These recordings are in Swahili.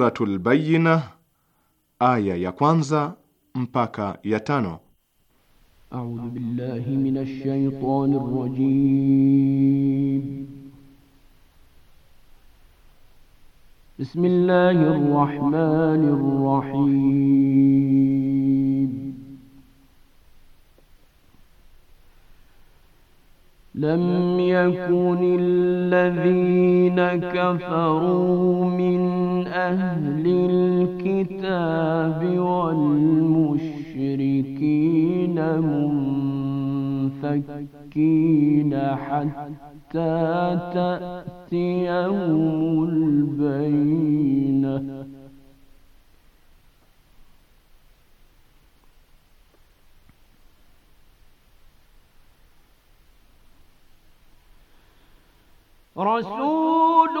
Suratul Bayyina aya ya kwanza mpaka ya tano. A'udhu billahi minash shaitanir rajim. Bismillahir rahmanir rahim. Lam yakun alladhina kafaru min أهل الكتاب والمشركين منفكين حتى تأتي البينة رسول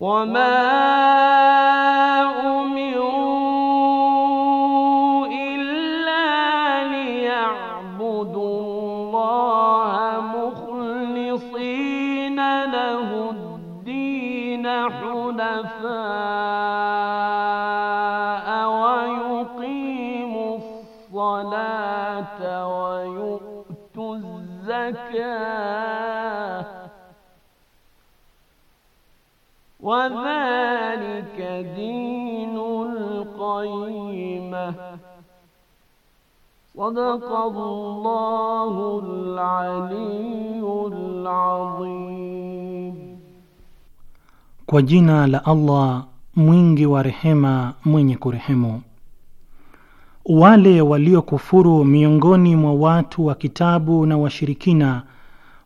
وما wadhalika dinul qayyimah. Sadaqallahul aliyyul adhim. Kwa jina la Allah mwingi wa rehema mwenye kurehemu. Wale waliokufuru miongoni mwa watu wa kitabu na washirikina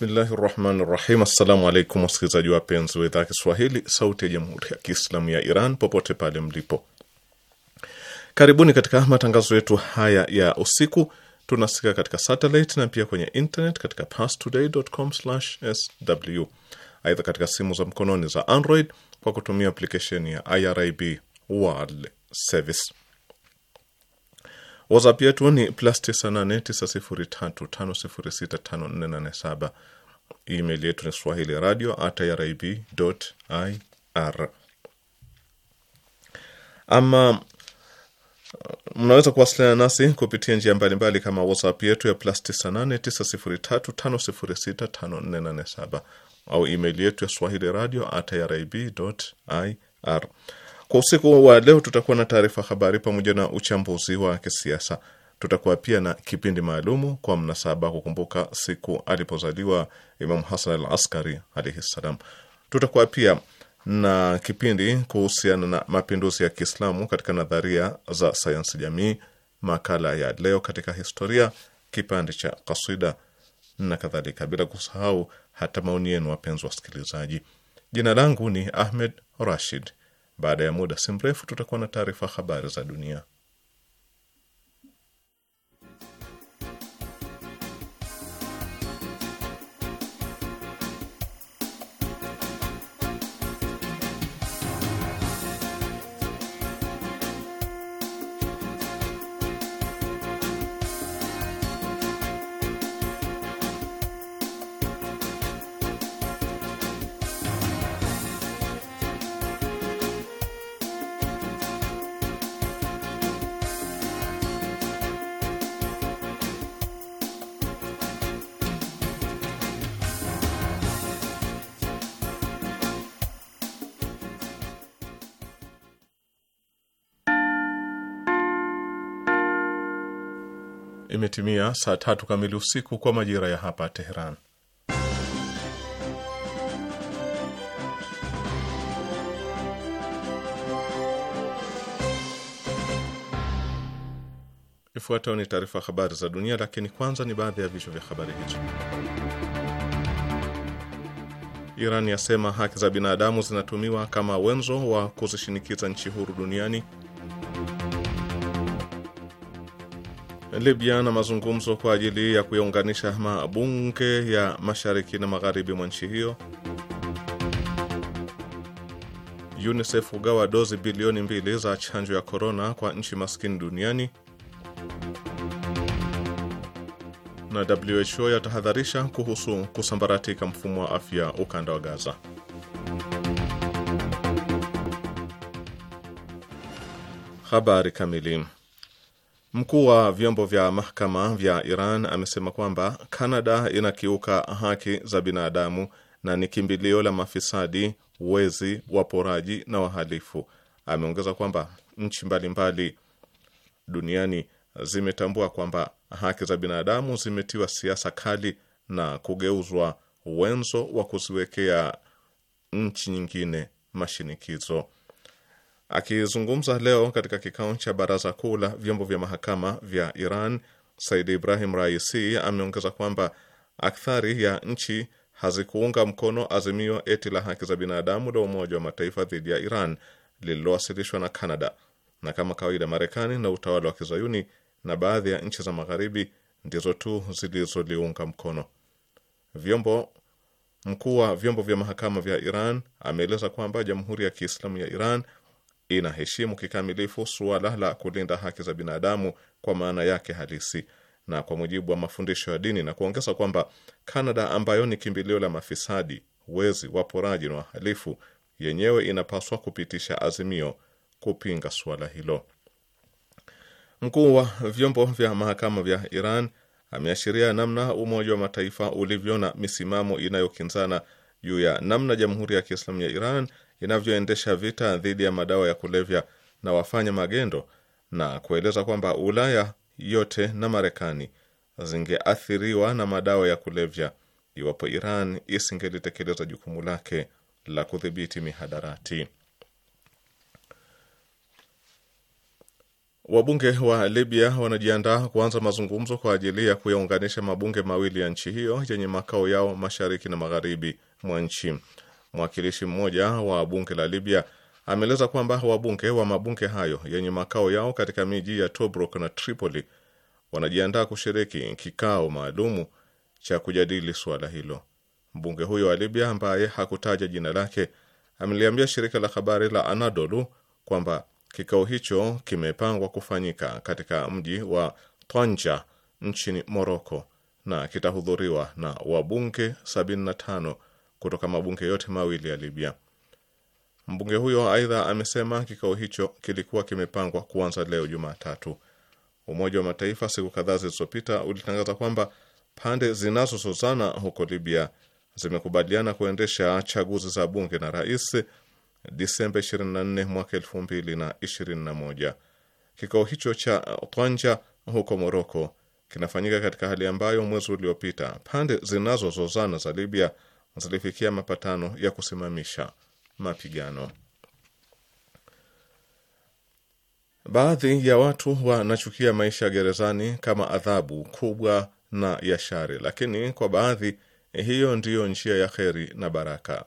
Bismillahi rahmani rahim. Assalamu alaikum wasikilizaji wapenzi wa idhaa Kiswahili sauti ya jamhuri ya Kiislamu ya Iran popote pale mlipo, karibuni katika matangazo yetu haya ya usiku. Tunasikika katika satellite na pia kwenye internet katika pastodaycom sw Aidha, katika simu za mkononi za Android kwa kutumia aplikesheni ya IRIB World Service WhatsApp yetu ni plus 989035065487. Email yetu ni swahili radio at irib ir. Ama mnaweza kuwasiliana nasi kupitia njia mbalimbali kama WhatsApp yetu ya plus 989035065487 au email yetu ya swahili radio at irib ir kwa usiku wa leo tutakuwa na taarifa habari pamoja na uchambuzi wa kisiasa. Tutakuwa pia na kipindi maalumu kwa mnasaba kukumbuka siku alipozaliwa Imamu Hasan al Askari alaihi ssalam. Tutakuwa pia na kipindi kuhusiana na mapinduzi ya Kiislamu katika nadharia za sayansi jamii, makala ya leo katika historia, kipande cha kaswida na kadhalika, bila kusahau hata maoni yenu, wapenzi wasikilizaji. Jina langu ni Ahmed Rashid. Baada ya muda si mrefu tutakuwa na taarifa habari za dunia. imetimia saa tatu kamili usiku kwa majira ya hapa Teheran. Ifuatayo ni taarifa habari za dunia, lakini kwanza ni baadhi ya vichwa vya habari hizo. Iran yasema haki za binadamu zinatumiwa kama wenzo wa kuzishinikiza nchi huru duniani Libya na mazungumzo kwa ajili ya kuyaunganisha mabunge ya mashariki na magharibi mwa nchi hiyo. UNICEF hugawa dozi bilioni mbili za chanjo ya korona kwa nchi maskini duniani, na WHO yatahadharisha kuhusu kusambaratika mfumo wa afya ukanda wa Gaza. Habari kamili Mkuu wa vyombo vya mahakama vya Iran amesema kwamba Kanada inakiuka haki za binadamu na ni kimbilio la mafisadi, wezi, waporaji na wahalifu. Ameongeza kwamba nchi mbalimbali duniani zimetambua kwamba haki za binadamu zimetiwa siasa kali na kugeuzwa wenzo wa kuziwekea nchi nyingine mashinikizo. Akizungumza leo katika kikao cha baraza kuu la vyombo vya mahakama vya Iran, Said Ibrahim Raisi ameongeza kwamba akthari ya nchi hazikuunga mkono azimio eti la haki za binadamu la Umoja wa Mataifa dhidi ya Iran lililowasilishwa na Canada, na kama kawaida, Marekani na utawala wa kizayuni na baadhi ya nchi za magharibi ndizo tu zilizoliunga mkono. Vyombo mkuu wa vyombo vya mahakama vya Iran ameeleza kwamba Jamhuri ya Kiislamu ya Iran inaheshimu kikamilifu suala la kulinda haki za binadamu kwa maana yake halisi na kwa mujibu wa mafundisho ya dini, na kuongeza kwamba Kanada ambayo ni kimbilio la mafisadi, wezi, waporaji na wahalifu, yenyewe inapaswa kupitisha azimio kupinga suala hilo. Mkuu wa vyombo vya mahakama vya Iran ameashiria namna Umoja wa Mataifa ulivyo na misimamo inayokinzana juu ya namna Jamhuri ya Kiislamu ya Iran inavyoendesha vita dhidi ya madawa ya kulevya na wafanya magendo na kueleza kwamba Ulaya yote na Marekani zingeathiriwa na madawa ya kulevya iwapo Iran isingelitekeleza jukumu lake la kudhibiti mihadarati. Wabunge wa Libya wanajiandaa kuanza mazungumzo kwa ajili ya kuyaunganisha mabunge mawili ya nchi hiyo yenye makao yao mashariki na magharibi mwa nchi. Mwakilishi mmoja wa bunge la Libya ameeleza kwamba wabunge wa mabunge hayo yenye makao yao katika miji ya Tobruk na Tripoli wanajiandaa kushiriki kikao maalumu cha kujadili suala hilo. Mbunge huyo wa Libya ambaye hakutaja jina lake ameliambia shirika la habari la Anadolu kwamba kikao hicho kimepangwa kufanyika katika mji wa Tanja nchini Moroko na kitahudhuriwa na wabunge 75 kutoka mabunge yote mawili ya Libya. Mbunge huyo aidha amesema kikao hicho kilikuwa kimepangwa kuanza leo Jumatatu. Umoja wa Mataifa siku kadhaa zilizopita ulitangaza kwamba pande zinazozozana huko Libya zimekubaliana kuendesha chaguzi za bunge na rais Disemba 24 mwaka 2021. Kikao hicho cha Twanja huko Moroko kinafanyika katika hali ambayo mwezi uliopita pande zinazozozana za Libya zilifikia mapatano ya kusimamisha mapigano. Baadhi ya watu wanachukia maisha ya gerezani kama adhabu kubwa na ya shari, lakini kwa baadhi hiyo ndiyo njia ya kheri na baraka.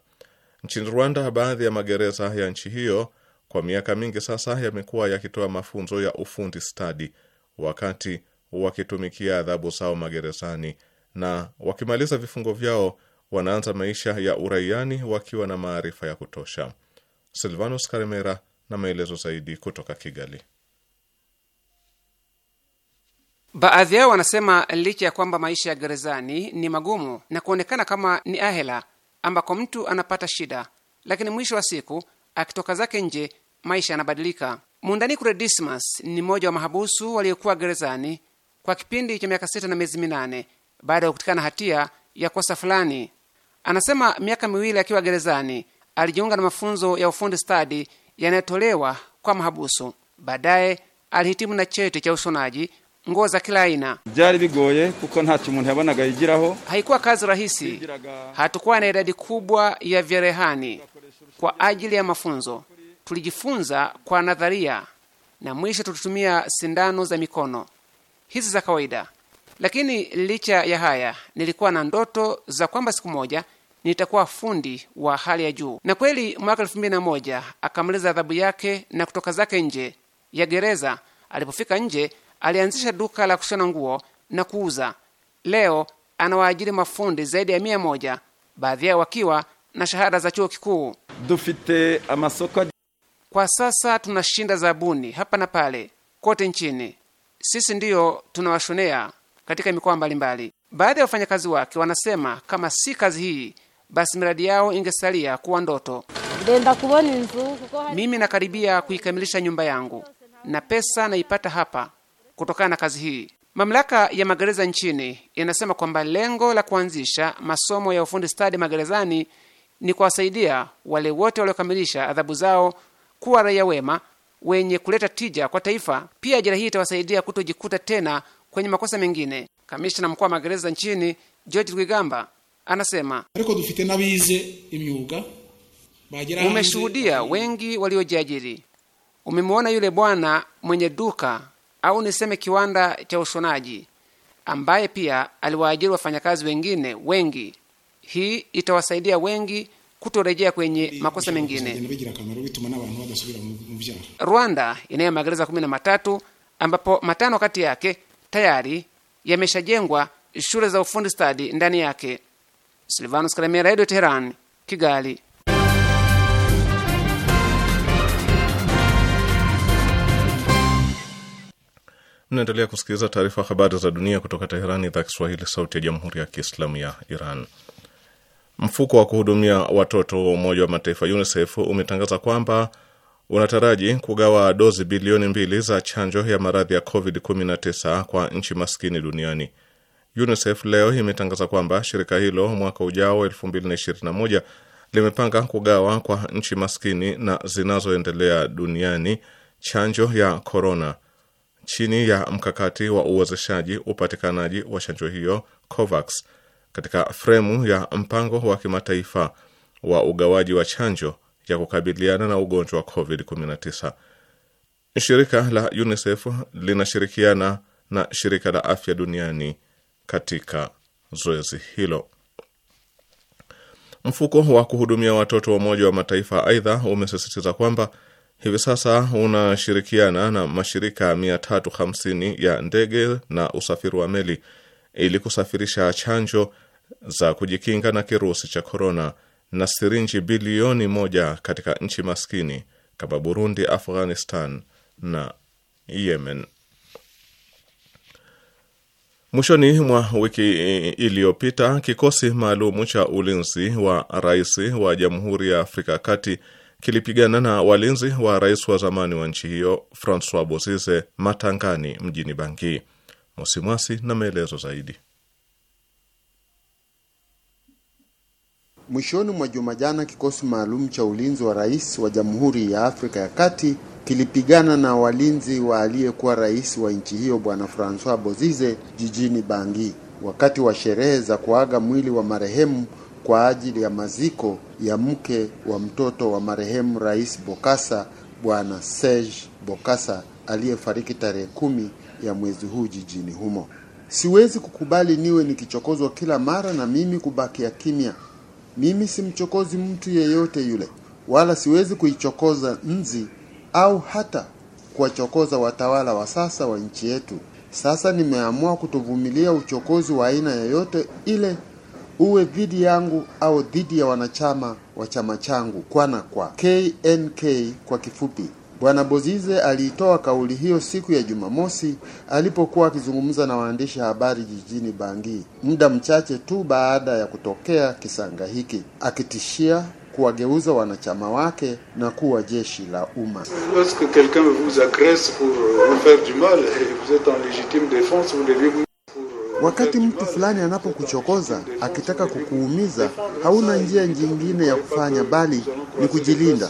Nchini Rwanda, baadhi ya magereza ya nchi hiyo kwa miaka mingi sasa yamekuwa yakitoa mafunzo ya ufundi stadi wakati wakitumikia adhabu zao magerezani, na wakimaliza vifungo vyao wanaanza maisha ya uraiani wakiwa na maarifa ya kutosha. Silvanus Karemera na maelezo zaidi kutoka Kigali. Baadhi yao wanasema licha ya kwamba maisha ya gerezani ni magumu na kuonekana kama ni ahela ambako mtu anapata shida, lakini mwisho wa siku akitoka zake nje maisha yanabadilika. Mundanikure Dismas ni mmoja wa mahabusu waliokuwa gerezani kwa kipindi cha miaka sita na miezi minane baada ya kupatikana hatia ya kosa fulani. Anasema miaka miwili akiwa gerezani alijiunga na mafunzo ya ufundi stadi yanayotolewa kwa mahabusu. Baadaye alihitimu na cheti cha ushonaji nguo za kila aina. Haikuwa kazi rahisi, hatukuwa na idadi kubwa ya vyerehani kwa ajili ya mafunzo. Tulijifunza kwa nadharia na mwisho tulitumia sindano za mikono hizi za kawaida. Lakini licha ya haya, nilikuwa na ndoto za kwamba siku moja nitakuwa fundi wa hali ya juu. Na kweli mwaka elfu mbili na moja akamaliza adhabu yake na kutoka zake nje ya gereza. Alipofika nje, alianzisha duka la kushona nguo na kuuza. Leo anawaajiri mafundi zaidi ya mia moja, baadhi yao wakiwa na shahada za chuo kikuu. Dufite amasoko. Kwa sasa tunashinda zabuni hapa na pale kote nchini. Sisi ndiyo tunawashonea katika mikoa mbalimbali. Baadhi ya wafanyakazi wake wanasema kama si kazi hii, basi miradi yao ingesalia kuwa ndoto. Mimi nakaribia kuikamilisha nyumba yangu na pesa naipata hapa kutokana na kazi hii. Mamlaka ya magereza nchini inasema kwamba lengo la kuanzisha masomo ya ufundi stadi magerezani ni kuwasaidia wale wote waliokamilisha adhabu zao kuwa raia wema wenye kuleta tija kwa taifa. Pia ajira hii itawasaidia kutojikuta tena kwenye makosa mengine. Kamishna mkuu wa magereza nchini George Rwigamba anasema umeshuhudia wengi waliojiajiri. Umemwona yule bwana mwenye duka au niseme kiwanda cha ushonaji ambaye pia aliwaajiri wafanyakazi wengine wengi. Hii itawasaidia wengi kutorejea kwenye makosa mengine. Rwanda inayo magereza kumi na matatu ambapo matano kati yake tayari yameshajengwa shule za ufundi stadi ndani yake. Silvanus Kalemera, Radio Teheran, Kigali. Mnaendelea kusikiliza taarifa habari za dunia kutoka teheran idhaa Kiswahili, sauti ya jamhuri ya kiislamu ya Iran. Mfuko wa kuhudumia watoto wa Umoja wa Mataifa, UNICEF, umetangaza kwamba unataraji kugawa dozi bilioni mbili za chanjo ya maradhi ya COVID-19 kwa nchi maskini duniani. UNICEF leo imetangaza kwamba shirika hilo mwaka ujao 2021 limepanga kugawa kwa nchi maskini na zinazoendelea duniani chanjo ya korona chini ya mkakati wa uwezeshaji upatikanaji wa chanjo hiyo COVAX katika fremu ya mpango wa kimataifa wa ugawaji wa chanjo ya kukabiliana na ugonjwa wa COVID-19. Shirika la UNICEF linashirikiana na shirika la afya duniani katika zoezi hilo. Mfuko wa kuhudumia watoto wa Umoja wa Mataifa aidha umesisitiza kwamba hivi sasa unashirikiana na mashirika 350 ya ndege na usafiri wa meli ili kusafirisha chanjo za kujikinga na kirusi cha korona na sirinji bilioni moja katika nchi maskini kama Burundi, Afghanistan na Yemen. Mwishoni mwa wiki iliyopita kikosi maalumu cha ulinzi wa rais wa Jamhuri ya Afrika ya Kati kilipigana na walinzi wa rais wa zamani wa nchi hiyo Francois Bozize Matangani mjini Bangui. Mosimwasi na maelezo zaidi. Mwishoni mwa juma jana, kikosi maalum cha ulinzi wa rais wa Jamhuri ya Afrika ya Kati kilipigana na walinzi wa aliyekuwa rais wa nchi hiyo Bwana Francois Bozize jijini Bangi wakati wa sherehe za kuaga mwili wa marehemu kwa ajili ya maziko ya mke wa mtoto wa marehemu Rais bokasa Bwana Serge bokasa aliyefariki tarehe kumi ya mwezi huu jijini humo. Siwezi kukubali niwe nikichokozwa kila mara na mimi kubakia kimya. Mimi simchokozi mtu yeyote yule, wala siwezi kuichokoza nzi au hata kuwachokoza watawala wa sasa wa nchi yetu. Sasa nimeamua kutovumilia uchokozi wa aina yoyote ile, uwe dhidi yangu au dhidi ya wanachama wa chama changu kwa KNK kwa kifupi. Bwana Bozize aliitoa kauli hiyo siku ya Jumamosi alipokuwa akizungumza na waandishi habari jijini Bangi, muda mchache tu baada ya kutokea kisanga hiki, akitishia kuwageuza wanachama wake na kuwa jeshi la umma. Euh, euh, Wakati mtu fulani anapokuchokoza akitaka kukuumiza, hauna njia nyingine ya kufanya bali ni kujilinda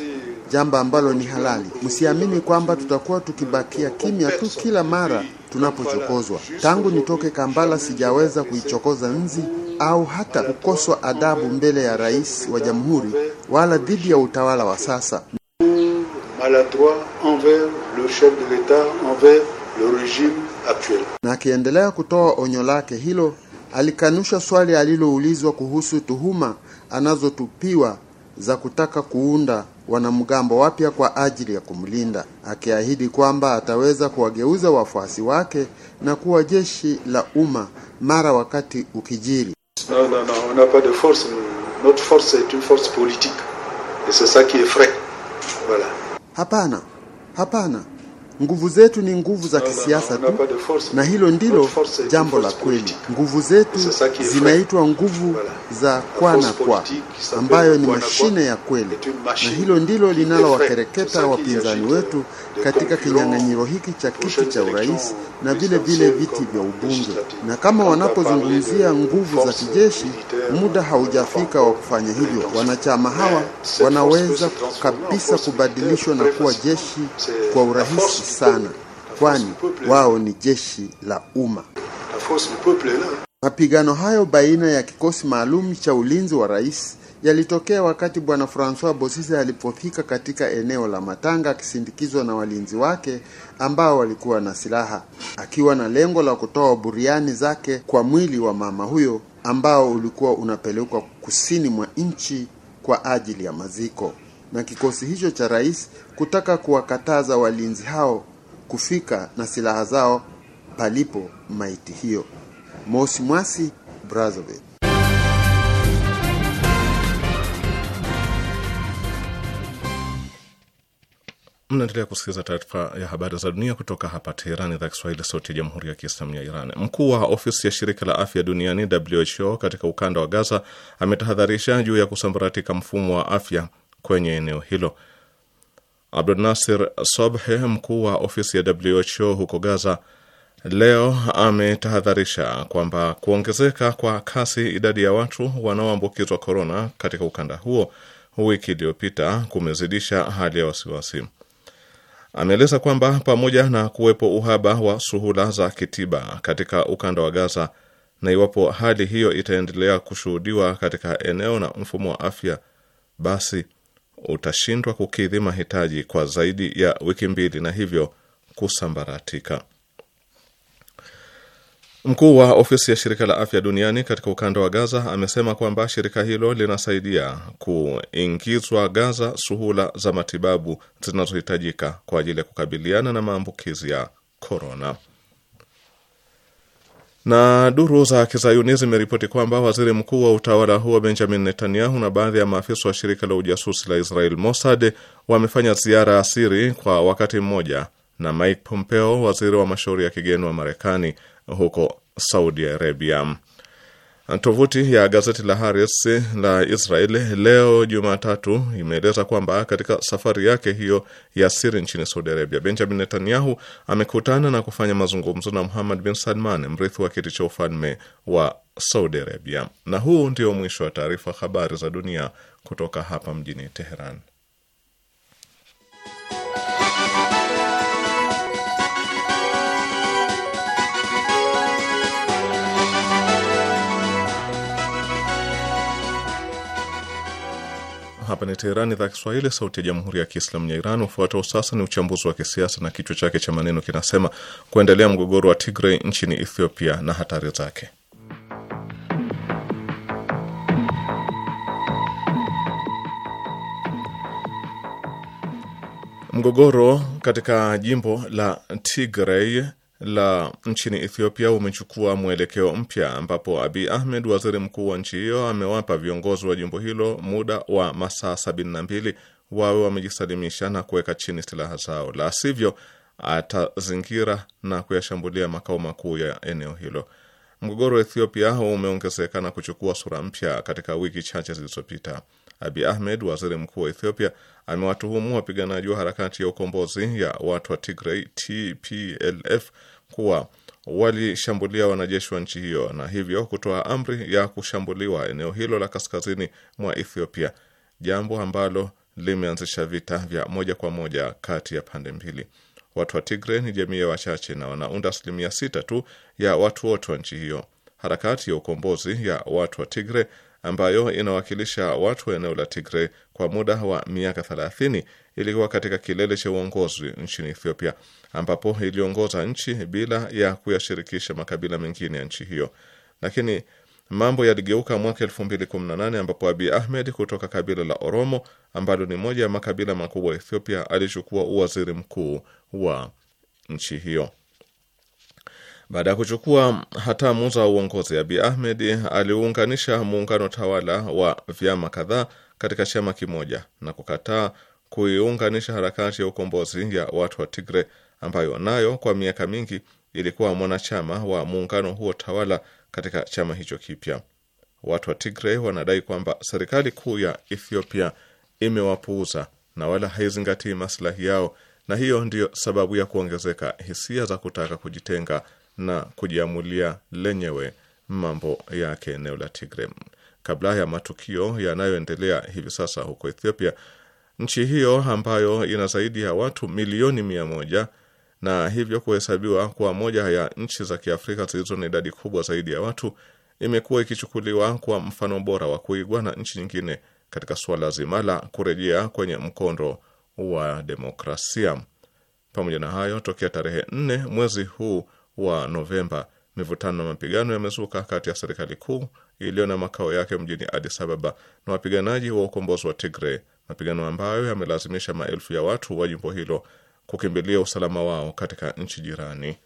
jambo ambalo ni halali. Msiamini kwamba tutakuwa tukibakia kimya tu kila mara tunapochokozwa. Tangu nitoke Kampala, sijaweza kuichokoza nzi au hata kukoswa adabu mbele ya rais wa jamhuri wala dhidi ya utawala wa sasa. Na akiendelea kutoa onyo lake hilo, alikanusha swali aliloulizwa kuhusu tuhuma anazotupiwa za kutaka kuunda wanamgambo wapya kwa ajili ya kumlinda, akiahidi kwamba ataweza kuwageuza wafuasi wake na kuwa jeshi la umma mara wakati ukijiri. Hapana, hapana. Nguvu zetu ni nguvu za kisiasa tu, na hilo ndilo jambo la kweli. Nguvu zetu zinaitwa nguvu za kwa na kwa, ambayo ni mashine ya kweli, na hilo ndilo linalowakereketa wapinzani wetu katika kinyang'anyiro hiki cha kiti cha urais na vile vile viti vya ubunge. Na kama wanapozungumzia nguvu za kijeshi, muda haujafika wa kufanya hivyo. Wanachama hawa wanaweza kabisa kubadilishwa na kuwa jeshi kwa urahisi sana, kwani wao ni jeshi la umma. Mapigano hayo baina ya kikosi maalum cha ulinzi wa rais yalitokea wakati bwana Francois bosise alipofika katika eneo la Matanga akisindikizwa na walinzi wake ambao walikuwa na silaha, akiwa na lengo la kutoa buriani zake kwa mwili wa mama huyo ambao ulikuwa unapelekwa kusini mwa nchi kwa ajili ya maziko na kikosi hicho cha rais kutaka kuwakataza walinzi hao kufika na silaha zao palipo maiti hiyo. Mosi Mwasi, Brazzaville. Mnaendelea kusikiliza taarifa ya habari za dunia kutoka hapa Teherani, idhaa Kiswahili, sauti ya jamhuri ya kiislamu ya Iran. Mkuu wa ofisi ya shirika la afya duniani WHO katika ukanda wa Gaza ametahadharisha juu ya kusambaratika mfumo wa afya kwenye eneo hilo. Abdunasir Sobhe, mkuu wa ofisi ya WHO huko Gaza, leo ametahadharisha kwamba kuongezeka kwa kasi idadi ya watu wanaoambukizwa korona katika ukanda huo wiki iliyopita kumezidisha hali ya wasiwasi. Ameeleza kwamba pamoja na kuwepo uhaba wa suhula za kitiba katika ukanda wa Gaza, na iwapo hali hiyo itaendelea kushuhudiwa katika eneo na mfumo wa afya, basi utashindwa kukidhi mahitaji kwa zaidi ya wiki mbili na hivyo kusambaratika. Mkuu wa ofisi ya shirika la afya duniani katika ukanda wa Gaza amesema kwamba shirika hilo linasaidia kuingizwa Gaza suhula za matibabu zinazohitajika kwa ajili ya kukabiliana na maambukizi ya korona. Na duru za kizayuni zimeripoti kwamba waziri mkuu wa utawala huo Benjamin Netanyahu na baadhi ya maafisa wa shirika la ujasusi la Israel Mossad wamefanya ziara asiri kwa wakati mmoja na Mike Pompeo, waziri wa mashauri ya kigeni wa Marekani, huko Saudi Arabia. Tovuti ya gazeti la Haris la israel leo Jumatatu imeeleza kwamba katika safari yake hiyo ya siri nchini Saudi Arabia, Benjamin Netanyahu amekutana na kufanya mazungumzo na Muhammad bin Salman, mrithi wa kiti cha ufalme wa Saudi Arabia. Na huu ndio mwisho wa taarifa habari za dunia kutoka hapa mjini Teheran. Hapa ni Teherani, idhaa Kiswahili, sauti ya jamhuri ya kiislamu ya Iran. Ufuatao sasa ni uchambuzi wa kisiasa na kichwa chake cha maneno kinasema kuendelea mgogoro wa Tigray nchini Ethiopia na hatari zake. Mgogoro katika jimbo la Tigray la nchini Ethiopia umechukua mwelekeo mpya ambapo abi Ahmed, waziri mkuu wa nchi hiyo, amewapa viongozi wa jimbo hilo muda wa masaa mbili wawe wamejisalimisha na kuweka chini silaha zao, la sivyo atazingira na kuyashambulia makao makuu ya eneo hilo. Mgogoro wa Ethiopia umeongezeka na kuchukua sura mpya katika wiki chache zilizopita. Abi Ahmed, waziri mkuu wa Ethiopia, amewatuhumu wapiganaji wa harakati ya ukombozi ya watu wa Tigray TPLF kuwa walishambulia wanajeshi wa nchi hiyo na hivyo kutoa amri ya kushambuliwa eneo hilo la kaskazini mwa Ethiopia, jambo ambalo limeanzisha vita vya moja kwa moja kati ya pande mbili. Watu wa tigre ni jamii ya wachache na wanaunda asilimia sita tu ya watu wote wa nchi hiyo. Harakati ya ukombozi ya watu wa tigre ambayo inawakilisha watu wa eneo la Tigre kwa muda wa miaka 30 ilikuwa katika kilele cha uongozi nchini Ethiopia, ambapo iliongoza nchi bila ya kuyashirikisha makabila mengine ya nchi hiyo, lakini mambo yaligeuka mwaka 2018 ambapo abi Ahmed kutoka kabila la Oromo ambalo ni moja ya makabila makubwa ya Ethiopia alichukua uwaziri mkuu wa nchi hiyo. Baada ya kuchukua hatamu za uongozi, abi Ahmed aliunganisha muungano tawala wa vyama kadhaa katika chama kimoja na kukataa kuiunganisha harakati ya ukombozi ya watu wa Tigre ambayo nayo kwa miaka mingi ilikuwa mwanachama wa muungano huo tawala katika chama hicho kipya. Watu wa tigre wanadai kwamba serikali kuu ya Ethiopia imewapuuza na wala haizingatii maslahi yao, na hiyo ndiyo sababu ya kuongezeka hisia za kutaka kujitenga na kujiamulia lenyewe mambo yake eneo la tigre Kabla ya matukio yanayoendelea hivi sasa huko Ethiopia, nchi hiyo ambayo ina zaidi ya watu milioni mia moja na hivyo kuhesabiwa kuwa moja ya nchi za Kiafrika zilizo na idadi kubwa zaidi ya watu, imekuwa ikichukuliwa kwa mfano bora wa kuigwa na nchi nyingine katika suala zima la kurejea kwenye mkondo wa demokrasia. Pamoja na hayo, tokea tarehe nne mwezi huu wa Novemba, mivutano na mapigano yamezuka kati ya serikali kuu iliyo na makao yake mjini Addis Ababa na wapiganaji wa ukombozi wa Tigray, mapigano ambayo yamelazimisha maelfu ya watu wa jimbo hilo kukimbilia usalama wao katika nchi jirani.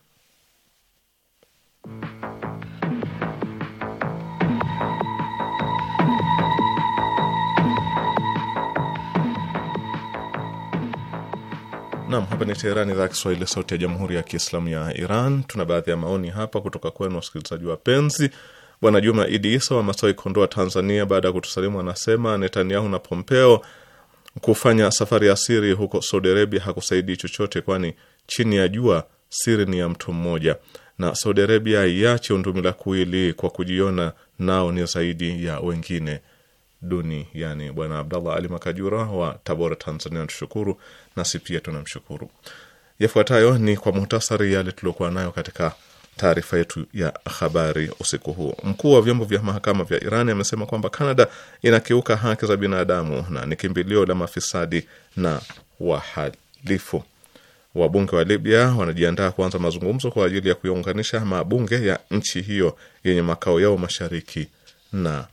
Naam, hapa ni Teheran, idhaa ya Kiswahili, sauti ya jamhuri ya kiislamu ya Iran. Tuna baadhi ya maoni hapa kutoka kwenu wasikilizaji wapenzi. Bwana Juma Idi Isa wa Masawi, Kondoa, Tanzania, baada ya kutusalimu anasema Netanyahu na Pompeo kufanya safari ya siri huko Saudi Arabia hakusaidii chochote, kwani chini ya jua siri ni ya mtu mmoja, na Saudi Arabia iache undumila kuili kwa kujiona nao ni zaidi ya wengine duni, yani Bwana Abdallah Ali Makajura wa Tabora, Tanzania, natushukuru. Nasi pia tunamshukuru. Yafuatayo ni kwa muhtasari yale tuliokuwa nayo katika taarifa yetu ya habari usiku huu. Mkuu wa vyombo vya mahakama vya Iran amesema kwamba Kanada inakiuka haki za binadamu na ni kimbilio la mafisadi na wahalifu. Wabunge wa Libya wanajiandaa kuanza mazungumzo kwa ajili ya kuyaunganisha mabunge ya nchi hiyo yenye makao yao mashariki na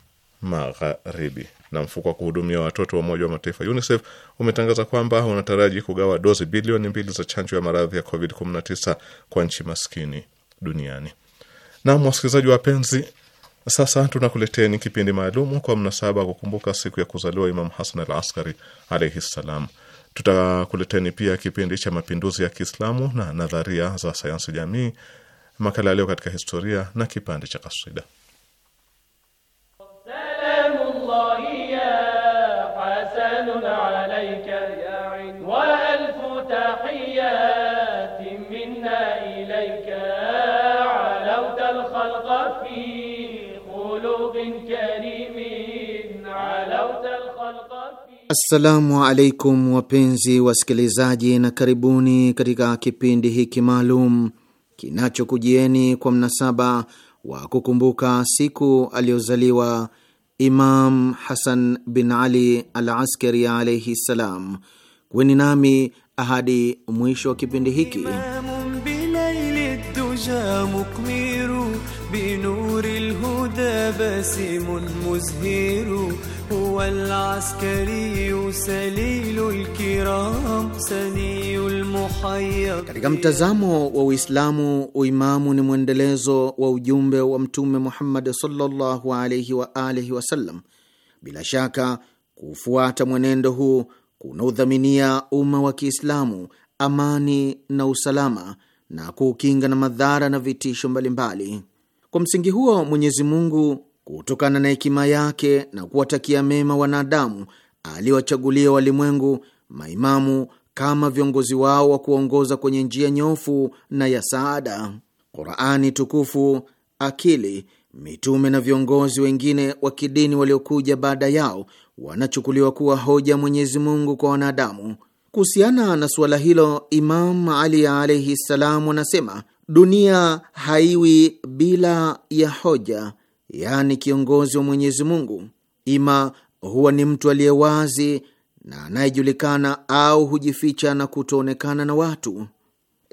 Magharibi. Na mfuko wa kuhudumia watoto wa Umoja wa Mataifa UNICEF umetangaza kwamba unataraji kugawa dozi bilioni mbili za chanjo ya maradhi ya COVID-19 kwa nchi maskini duniani. Na wasikilizaji wapenzi, sasa tunakuleteni kipindi maalumu kwa mnasaba wa kukumbuka siku ya kuzaliwa Imam Hasan al Askari alaihi ssalam. Tutakuleteni pia kipindi cha mapinduzi ya Kiislamu na nadharia za sayansi jamii, makala yaliyo katika historia na kipande cha kaswida. Assalamu alaikum wapenzi wasikilizaji, na karibuni katika kipindi hiki maalum kinachokujieni kwa mnasaba wa kukumbuka siku aliyozaliwa Imam Hasan bin Ali al Askari alaihi ssalam. Kweni nami ahadi mwisho wa kipindi hiki. Katika mtazamo wa Uislamu, uimamu ni mwendelezo wa ujumbe wa Mtume Muhammad sallallahu alaihi wa alihi wasallam. Bila shaka kufuata mwenendo huu kunaudhaminia umma wa Kiislamu amani na usalama na kuukinga na madhara na vitisho mbalimbali. Kwa msingi huo Mwenyezi Mungu kutokana na hekima yake na kuwatakia mema wanadamu, aliwachagulia walimwengu maimamu kama viongozi wao wa kuongoza kwenye njia nyofu na ya saada. Qurani tukufu, akili, mitume na viongozi wengine wa kidini waliokuja baada yao wanachukuliwa kuwa hoja Mwenyezi Mungu kwa wanadamu. Kuhusiana na suala hilo, Imam Ali alaihi ssalam anasema dunia haiwi bila ya hoja yaani kiongozi wa Mwenyezi Mungu, ima huwa ni mtu aliye wazi na anayejulikana au hujificha na kutoonekana na watu.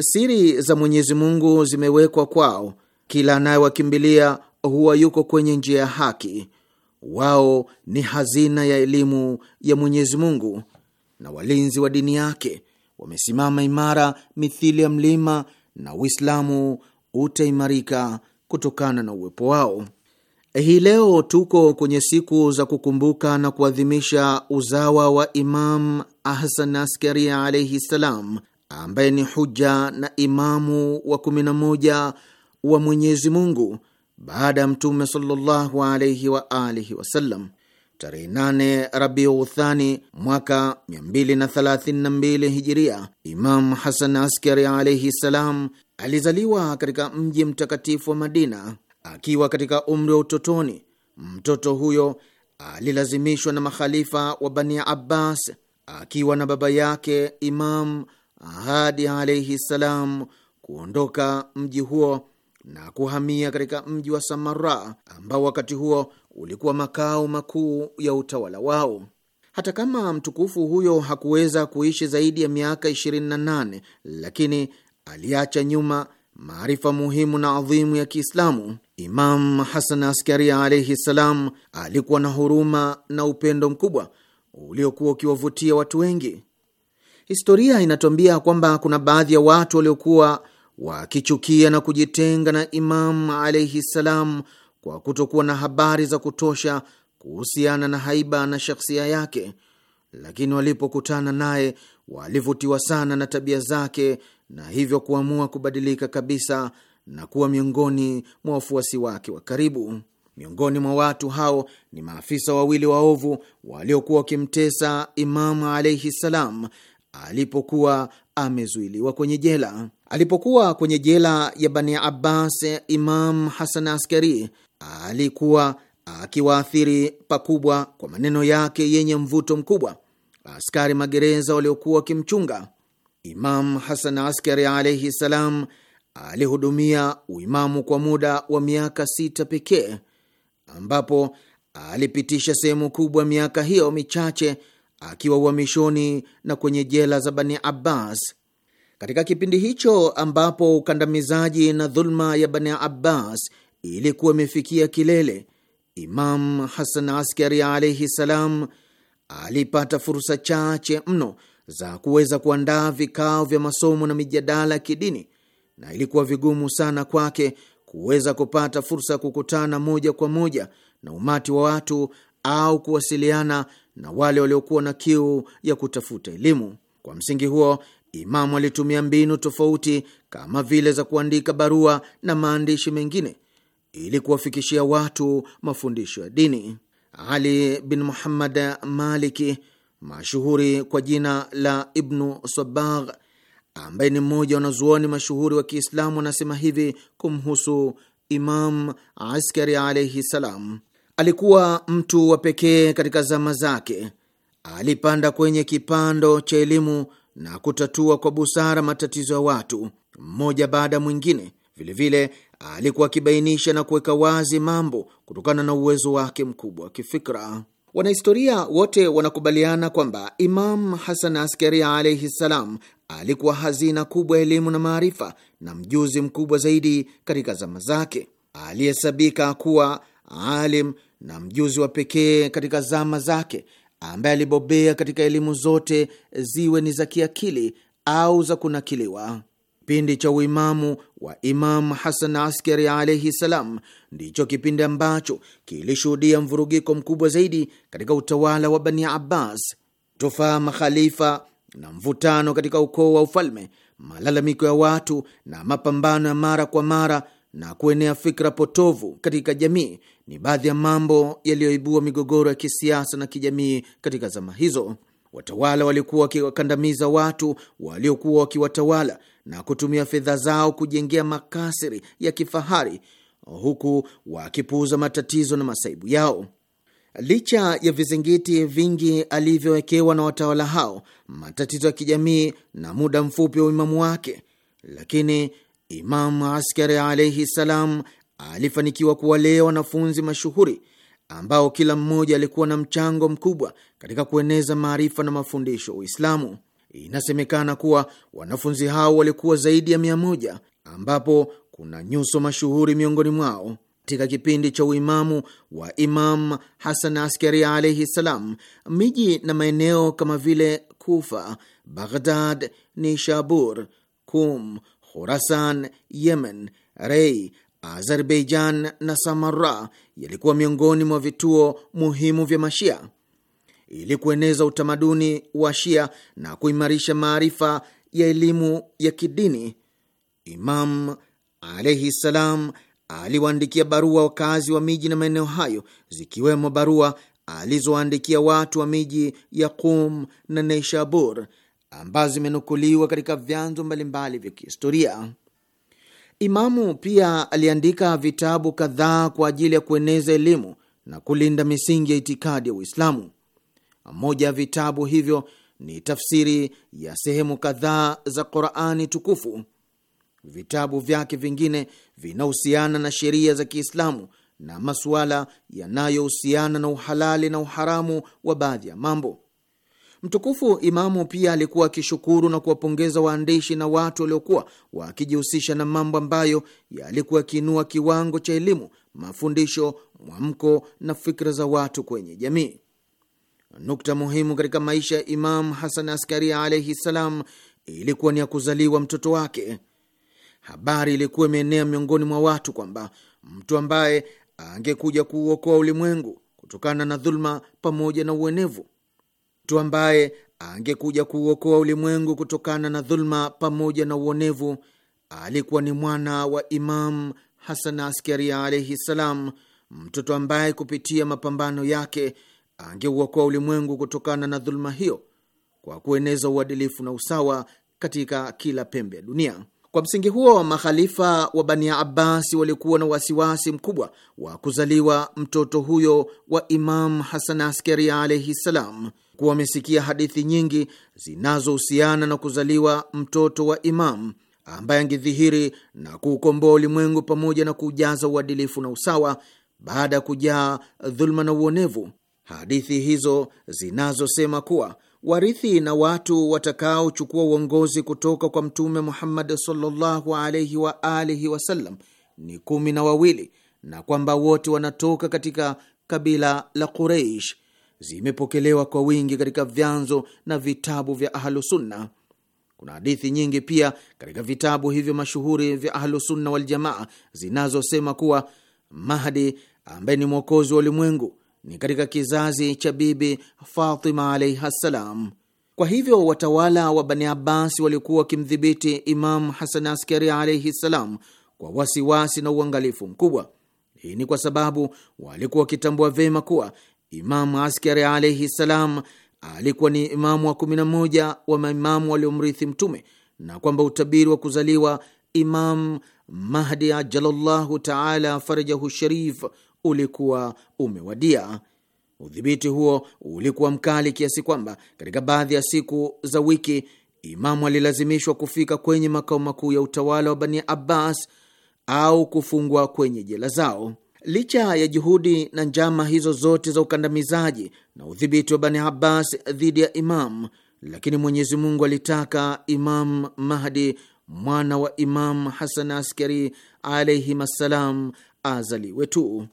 Siri za Mwenyezi Mungu zimewekwa kwao, kila anayewakimbilia huwa yuko kwenye njia ya haki. Wao ni hazina ya elimu ya Mwenyezi Mungu na walinzi wa dini yake, wamesimama imara mithili ya mlima, na Uislamu utaimarika kutokana na uwepo wao. Hii leo tuko kwenye siku za kukumbuka na kuadhimisha uzawa wa Imam Hasan Askari alaihi ssalam, ambaye ni huja na imamu wa 11 wa Mwenyezi Mungu baada ya Mtume sallallahu alaihi wa alihi wasallam. Tarehe 8 Rabiu Uthani mwaka 232 Hijiria, Imam Hasan Askari alaihi ssalam alizaliwa katika mji mtakatifu wa Madina. Akiwa katika umri wa utotoni, mtoto huyo alilazimishwa na makhalifa wa Bani Abbas akiwa na baba yake Imam Hadi alaihi ssalam kuondoka mji huo na kuhamia katika mji wa Samara ambao wakati huo ulikuwa makao makuu ya utawala wao. Hata kama mtukufu huyo hakuweza kuishi zaidi ya miaka 28 lakini aliacha nyuma maarifa muhimu na adhimu ya Kiislamu. Imam Hasan Askari alaihi ssalam alikuwa na huruma na upendo mkubwa uliokuwa ukiwavutia watu wengi. Historia inatuambia kwamba kuna baadhi ya watu waliokuwa wakichukia na kujitenga na Imam alaihi ssalam kwa kutokuwa na habari za kutosha kuhusiana na haiba na shakhsia yake, lakini walipokutana naye walivutiwa sana na tabia zake na hivyo kuamua kubadilika kabisa na kuwa miongoni mwa wafuasi wake wa karibu. Miongoni mwa watu hao ni maafisa wawili waovu waliokuwa wakimtesa Imamu alaihi ssalam alipokuwa amezuiliwa kwenye jela. Alipokuwa kwenye jela ya Bani Abbas, Imam Hasan Askari alikuwa akiwaathiri pakubwa kwa maneno yake yenye mvuto mkubwa askari magereza waliokuwa wakimchunga. Imam Hasan Askari alaihi ssalam alihudumia uimamu kwa muda wa miaka sita pekee, ambapo alipitisha sehemu kubwa miaka hiyo michache akiwa uhamishoni na kwenye jela za Bani Abbas. Katika kipindi hicho ambapo ukandamizaji na dhulma ya Bani Abbas ilikuwa imefikia kilele, Imam Hasan Askari alaihi salam alipata fursa chache mno za kuweza kuandaa vikao vya masomo na mijadala ya kidini na ilikuwa vigumu sana kwake kuweza kupata fursa ya kukutana moja kwa moja na umati wa watu au kuwasiliana na wale waliokuwa na kiu ya kutafuta elimu. Kwa msingi huo, Imamu alitumia mbinu tofauti kama vile za kuandika barua na maandishi mengine ili kuwafikishia watu mafundisho ya dini. Ali bin Muhammad Maliki, mashuhuri kwa jina la Ibnu Sabagh, ambaye ni mmoja wanazuoni mashuhuri wa Kiislamu anasema hivi kumhusu Imam Askari alaihi salam: alikuwa mtu wa pekee katika zama zake, alipanda kwenye kipando cha elimu na kutatua kwa busara matatizo ya watu mmoja baada mwingine. Vilevile alikuwa akibainisha na kuweka wazi mambo kutokana na uwezo wake mkubwa wa kifikra. Wanahistoria wote wanakubaliana kwamba Imam Hasan Askari alaihi ssalam alikuwa hazina kubwa ya elimu na maarifa na mjuzi mkubwa zaidi katika zama zake, aliyesabika kuwa alim na mjuzi wa pekee katika zama zake, ambaye alibobea katika elimu zote, ziwe ni za kiakili au za kunakiliwa. Kipindi cha uimamu wa Imamu Hasan Askari alaihi salam ndicho kipindi ambacho kilishuhudia mvurugiko mkubwa zaidi katika utawala wa Bani Abbas. Tofaa makhalifa na mvutano katika ukoo wa ufalme, malalamiko ya watu na mapambano ya mara kwa mara na kuenea fikra potovu katika jamii ni baadhi ya mambo yaliyoibua migogoro ya kisiasa na kijamii katika zama hizo. Watawala walikuwa wakiwakandamiza watu waliokuwa wakiwatawala na kutumia fedha zao kujengea makasiri ya kifahari, huku wakipuuza matatizo na masaibu yao. Licha ya vizingiti vingi alivyowekewa na watawala hao, matatizo ya kijamii na muda mfupi wa uimamu wake, lakini Imamu Askari alaihi salam alifanikiwa kuwalea wanafunzi mashuhuri ambao kila mmoja alikuwa na mchango mkubwa katika kueneza maarifa na mafundisho a Uislamu. Inasemekana kuwa wanafunzi hao walikuwa zaidi ya mia moja ambapo kuna nyuso mashuhuri miongoni mwao. Katika kipindi cha uimamu wa Imam Hasan Askari alaihi ssalam, miji na maeneo kama vile Kufa, Baghdad, Nishabur, Kum, Khurasan, Yemen, Rei, Azerbaijan na Samara yalikuwa miongoni mwa vituo muhimu vya Mashia ili kueneza utamaduni wa Shia na kuimarisha maarifa ya elimu ya kidini. Imam alaihi ssalam aliwaandikia barua wakazi wa miji na maeneo hayo, zikiwemo barua alizoandikia watu wa miji ya Qum na Neishabur ambazo zimenukuliwa katika vyanzo mbalimbali vya kihistoria. Imamu pia aliandika vitabu kadhaa kwa ajili ya kueneza elimu na kulinda misingi ya itikadi ya Uislamu. Moja ya vitabu hivyo ni tafsiri ya sehemu kadhaa za Qurani tukufu. Vitabu vyake vingine vinahusiana na sheria za Kiislamu na masuala yanayohusiana na uhalali na uharamu wa baadhi ya mambo. Mtukufu Imamu pia alikuwa akishukuru na kuwapongeza waandishi na watu waliokuwa wakijihusisha na mambo ambayo yalikuwa yakiinua kiwango cha elimu, mafundisho, mwamko na fikra za watu kwenye jamii. Nukta muhimu katika maisha ya Imamu Hasan Askari alaihi ssalam ilikuwa ni ya kuzaliwa mtoto wake habari ilikuwa imeenea miongoni mwa watu kwamba mtu ambaye angekuja kuuokoa ulimwengu kutokana na dhuluma pamoja na uonevu, mtu ambaye angekuja kuuokoa ulimwengu kutokana na dhuluma pamoja na uonevu alikuwa ni mwana wa Imam Hasan Askaria alaihi ssalam, mtoto ambaye kupitia mapambano yake angeuokoa ulimwengu kutokana na dhuluma hiyo kwa kueneza uadilifu na usawa katika kila pembe ya dunia. Kwa msingi huo wa makhalifa wa Bani Abbasi walikuwa na wasiwasi mkubwa wa kuzaliwa mtoto huyo wa Imam Hasan Askari alaihi ssalam, kuwa wamesikia hadithi nyingi zinazohusiana na kuzaliwa mtoto wa Imam ambaye angedhihiri na kuukomboa ulimwengu pamoja na kuujaza uadilifu na usawa baada ya kujaa dhuluma na uonevu. Hadithi hizo zinazosema kuwa warithi na watu watakaochukua uongozi kutoka kwa Mtume Muhammad sallallahu alaihi wa alihi wasallam ni kumi na wawili na kwamba wote wanatoka katika kabila la Quraish zimepokelewa kwa wingi katika vyanzo na vitabu vya Ahlusunna. Kuna hadithi nyingi pia katika vitabu hivyo mashuhuri vya Ahlusunna waljamaa zinazosema kuwa Mahdi ambaye ni mwokozi wa ulimwengu ni katika kizazi cha Bibi Fatima alaihi ssalam. Kwa hivyo watawala wa Bani Abbas walikuwa wakimdhibiti Imamu Hasan Askari alaihi ssalam kwa wasiwasi na uangalifu mkubwa. Hii ni kwa sababu walikuwa wakitambua vyema kuwa Imamu Askari alaihi ssalam alikuwa ni imamu wa kumi na moja wa maimamu waliomrithi Mtume na kwamba utabiri wa kuzaliwa Imam Mahdi ajalallahu taala farajahu sharif ulikuwa umewadia. Udhibiti huo ulikuwa mkali kiasi kwamba katika baadhi ya siku za wiki Imamu alilazimishwa kufika kwenye makao makuu ya utawala wa Bani Abbas au kufungwa kwenye jela zao. Licha ya juhudi na njama hizo zote za ukandamizaji na udhibiti wa Bani Abbas dhidi ya Imam, lakini Mwenyezi Mungu alitaka Imam Mahdi mwana wa Imam Hasan Askari alaihim assalam azaliwe tu.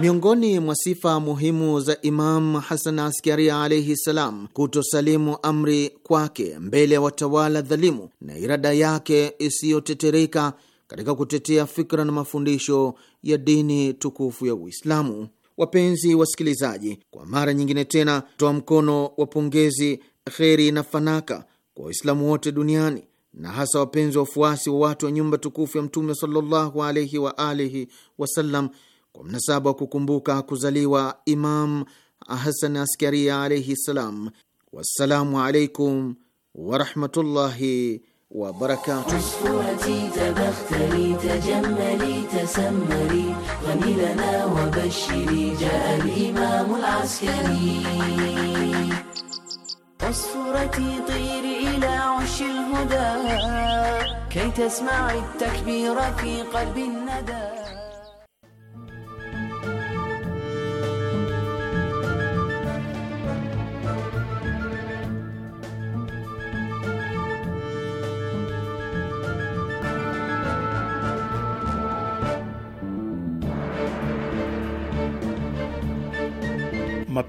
Miongoni mwa sifa muhimu za Imam Hasan Askari alaihi ssalam, kutosalimu amri kwake mbele ya watawala dhalimu na irada yake isiyotetereka katika kutetea fikra na mafundisho ya dini tukufu ya Uislamu. Wapenzi wasikilizaji, kwa mara nyingine tena toa mkono wa pongezi, kheri na fanaka kwa Waislamu wote duniani na hasa wapenzi wa wafuasi wa watu wa nyumba tukufu ya Mtume sallallahu alaihi wa alihi wasallam kwa mnasaba wa kukumbuka kuzaliwa Imam Hasan Askaria alaihi ssalam. Wassalamu alaikum warahmatullahi وبركاته أصواتي تبختري تجملي تسمري غني لنا وبشري جاء الإمام العسكري عصفورتي طيري إلى عش الهدى كي تسمعي التكبير في قلب الندى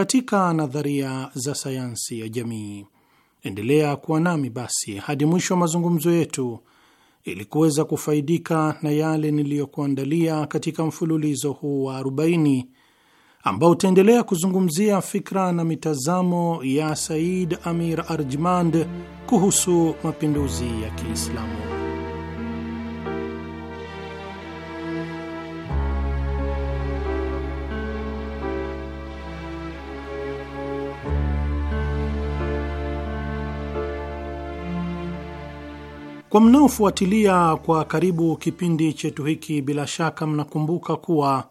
katika nadharia za sayansi ya jamii. Endelea kuwa nami basi hadi mwisho wa mazungumzo yetu ili kuweza kufaidika na yale niliyokuandalia katika mfululizo huu wa 40 ambao utaendelea kuzungumzia fikra na mitazamo ya Said Amir Arjmand kuhusu mapinduzi ya Kiislamu. Kwa mnaofuatilia kwa karibu kipindi chetu hiki, bila shaka mnakumbuka kuwa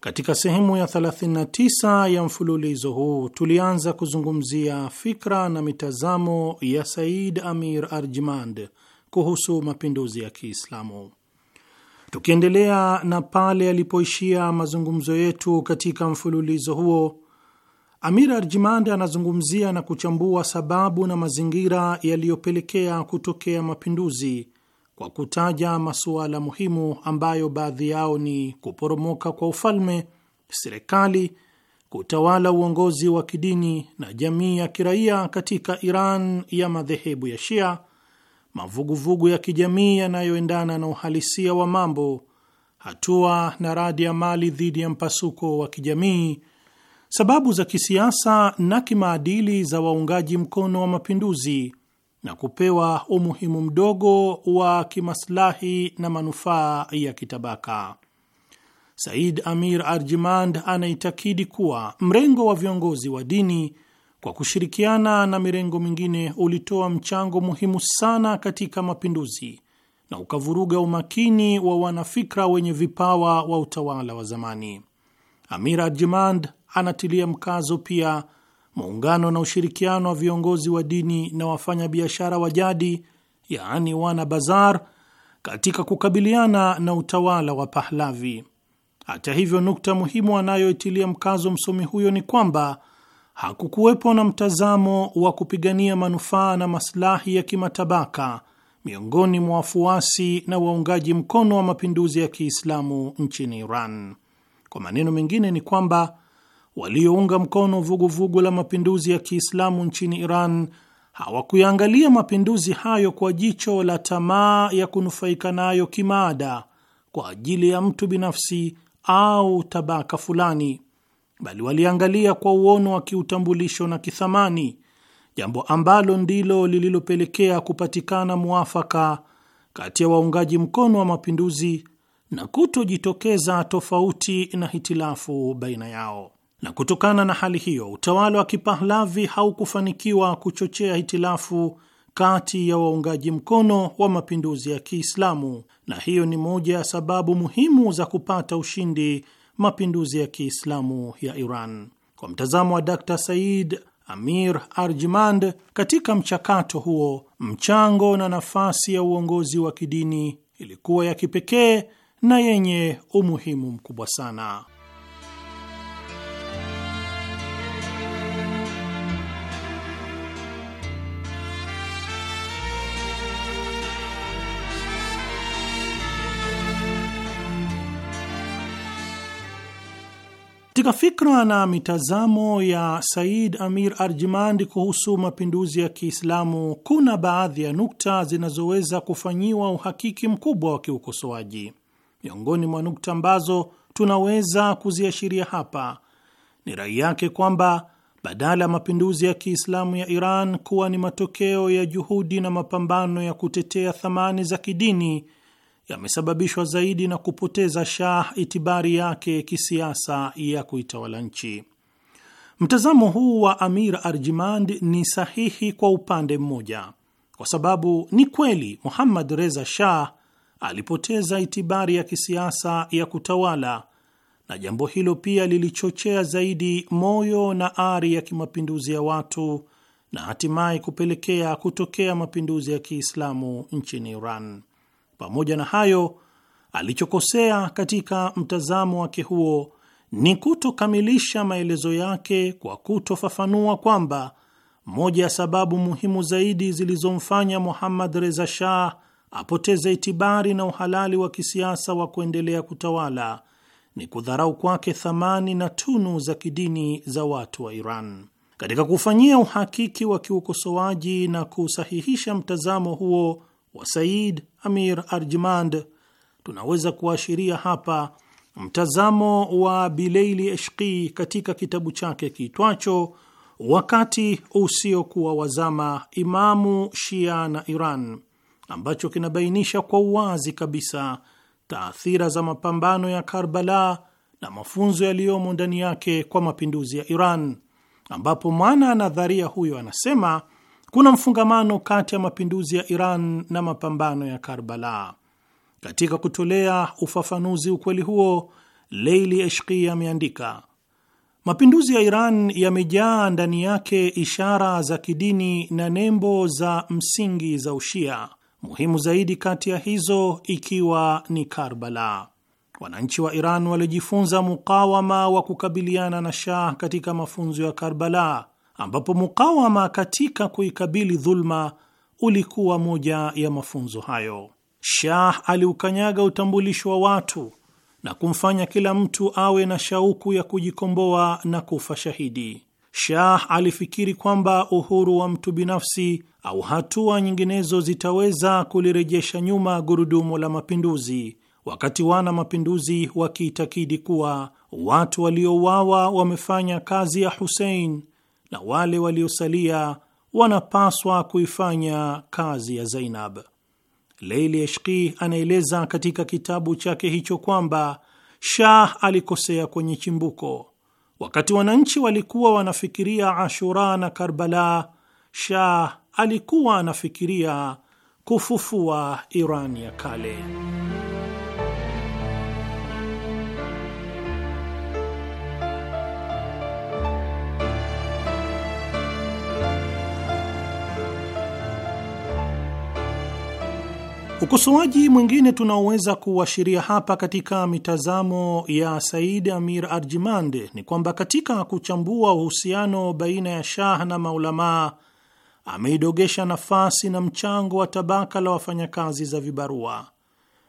katika sehemu ya 39 ya mfululizo huu tulianza kuzungumzia fikra na mitazamo ya Said Amir Arjmand kuhusu mapinduzi ya Kiislamu, tukiendelea na pale alipoishia mazungumzo yetu katika mfululizo huo. Amir Arjimande anazungumzia na kuchambua sababu na mazingira yaliyopelekea kutokea mapinduzi kwa kutaja masuala muhimu ambayo baadhi yao ni kuporomoka kwa ufalme, serikali, kutawala uongozi wa kidini na jamii ya kiraia katika Iran ya madhehebu ya Shia, mavuguvugu ya kijamii yanayoendana na uhalisia wa mambo, hatua na radi ya mali dhidi ya mpasuko wa kijamii sababu za kisiasa na kimaadili za waungaji mkono wa mapinduzi na kupewa umuhimu mdogo wa kimaslahi na manufaa ya kitabaka. Said Amir Arjimand anaitakidi kuwa mrengo wa viongozi wa dini kwa kushirikiana na mirengo mingine ulitoa mchango muhimu sana katika mapinduzi na ukavuruga umakini wa wanafikra wenye vipawa wa utawala wa zamani. Amir Arjimand anatilia mkazo pia muungano na ushirikiano wa viongozi wa dini na wafanyabiashara wa jadi, yaani wana bazar, katika kukabiliana na utawala wa Pahlavi. Hata hivyo, nukta muhimu anayoitilia mkazo msomi huyo ni kwamba hakukuwepo na mtazamo wa kupigania manufaa na maslahi ya kimatabaka miongoni mwa wafuasi na waungaji mkono wa mapinduzi ya Kiislamu nchini Iran. Kwa maneno mengine ni kwamba waliounga mkono vuguvugu vugu la mapinduzi ya Kiislamu nchini Iran hawakuyaangalia mapinduzi hayo kwa jicho la tamaa ya kunufaika nayo kimaada kwa ajili ya mtu binafsi au tabaka fulani, bali waliangalia kwa uono wa kiutambulisho na kithamani, jambo ambalo ndilo lililopelekea kupatikana mwafaka kati ya waungaji mkono wa mapinduzi na kutojitokeza tofauti na hitilafu baina yao. Na kutokana na hali hiyo, utawala wa Kipahlavi haukufanikiwa kuchochea hitilafu kati ya waungaji mkono wa mapinduzi ya Kiislamu, na hiyo ni moja ya sababu muhimu za kupata ushindi mapinduzi ya Kiislamu ya Iran. Kwa mtazamo wa Dr. Said Amir Arjmand, katika mchakato huo mchango na nafasi ya uongozi wa kidini ilikuwa ya kipekee na yenye umuhimu mkubwa sana. Katika fikra na mitazamo ya Said Amir Arjimandi kuhusu mapinduzi ya Kiislamu kuna baadhi ya nukta zinazoweza kufanyiwa uhakiki mkubwa wa kiukosoaji. Miongoni mwa nukta ambazo tunaweza kuziashiria hapa ni rai yake kwamba badala ya mapinduzi ya Kiislamu ya Iran kuwa ni matokeo ya juhudi na mapambano ya kutetea thamani za kidini yamesababishwa zaidi na kupoteza Shah itibari yake kisiasa ya kuitawala nchi. Mtazamo huu wa Amir Arjimand ni sahihi kwa upande mmoja, kwa sababu ni kweli Muhammad Reza Shah alipoteza itibari ya kisiasa ya kutawala, na jambo hilo pia lilichochea zaidi moyo na ari ya kimapinduzi ya watu na hatimaye kupelekea kutokea mapinduzi ya Kiislamu nchini Iran. Pamoja na hayo, alichokosea katika mtazamo wake huo ni kutokamilisha maelezo yake kwa kutofafanua kwamba moja ya sababu muhimu zaidi zilizomfanya Muhammad Reza Shah apoteze itibari na uhalali wa kisiasa wa kuendelea kutawala ni kudharau kwake thamani na tunu za kidini za watu wa Iran. Katika kufanyia uhakiki wa kiukosoaji na kusahihisha mtazamo huo wa Said Amir Arjmand, tunaweza kuashiria hapa mtazamo wa Bileili Eshqi katika kitabu chake kiitwacho Wakati Usiokuwa Wazama, Imamu Shia na Iran, ambacho kinabainisha kwa uwazi kabisa taathira za mapambano ya Karbala na mafunzo yaliyomo ndani yake kwa mapinduzi ya Iran, ambapo mwana nadharia huyo anasema kuna mfungamano kati ya mapinduzi ya Iran na mapambano ya Karbala. Katika kutolea ufafanuzi ukweli huo, Leili Eshki ameandika, mapinduzi ya Iran yamejaa ndani yake ishara za kidini na nembo za msingi za Ushia, muhimu zaidi kati ya hizo ikiwa ni Karbala. Wananchi wa Iran walijifunza mukawama wa kukabiliana na Shah katika mafunzo ya Karbala ambapo mukawama katika kuikabili dhulma ulikuwa moja ya mafunzo hayo. Shah aliukanyaga utambulisho wa watu na kumfanya kila mtu awe na shauku ya kujikomboa na kufa shahidi. Shah alifikiri kwamba uhuru wa mtu binafsi au hatua nyinginezo zitaweza kulirejesha nyuma gurudumu la mapinduzi, wakati wana mapinduzi wakiitakidi kuwa watu waliouawa wamefanya kazi ya Husein na wale waliosalia wanapaswa kuifanya kazi ya Zainab. Leili Ashqi anaeleza katika kitabu chake hicho kwamba Shah alikosea kwenye chimbuko. Wakati wananchi walikuwa wanafikiria Ashura na Karbala, Shah alikuwa anafikiria kufufua Iran ya kale. Ukosoaji mwingine tunaoweza kuuashiria hapa katika mitazamo ya Said Amir Arjimande ni kwamba katika kuchambua uhusiano baina ya Shah na maulamaa ameidogesha nafasi na mchango wa tabaka la wafanyakazi za vibarua,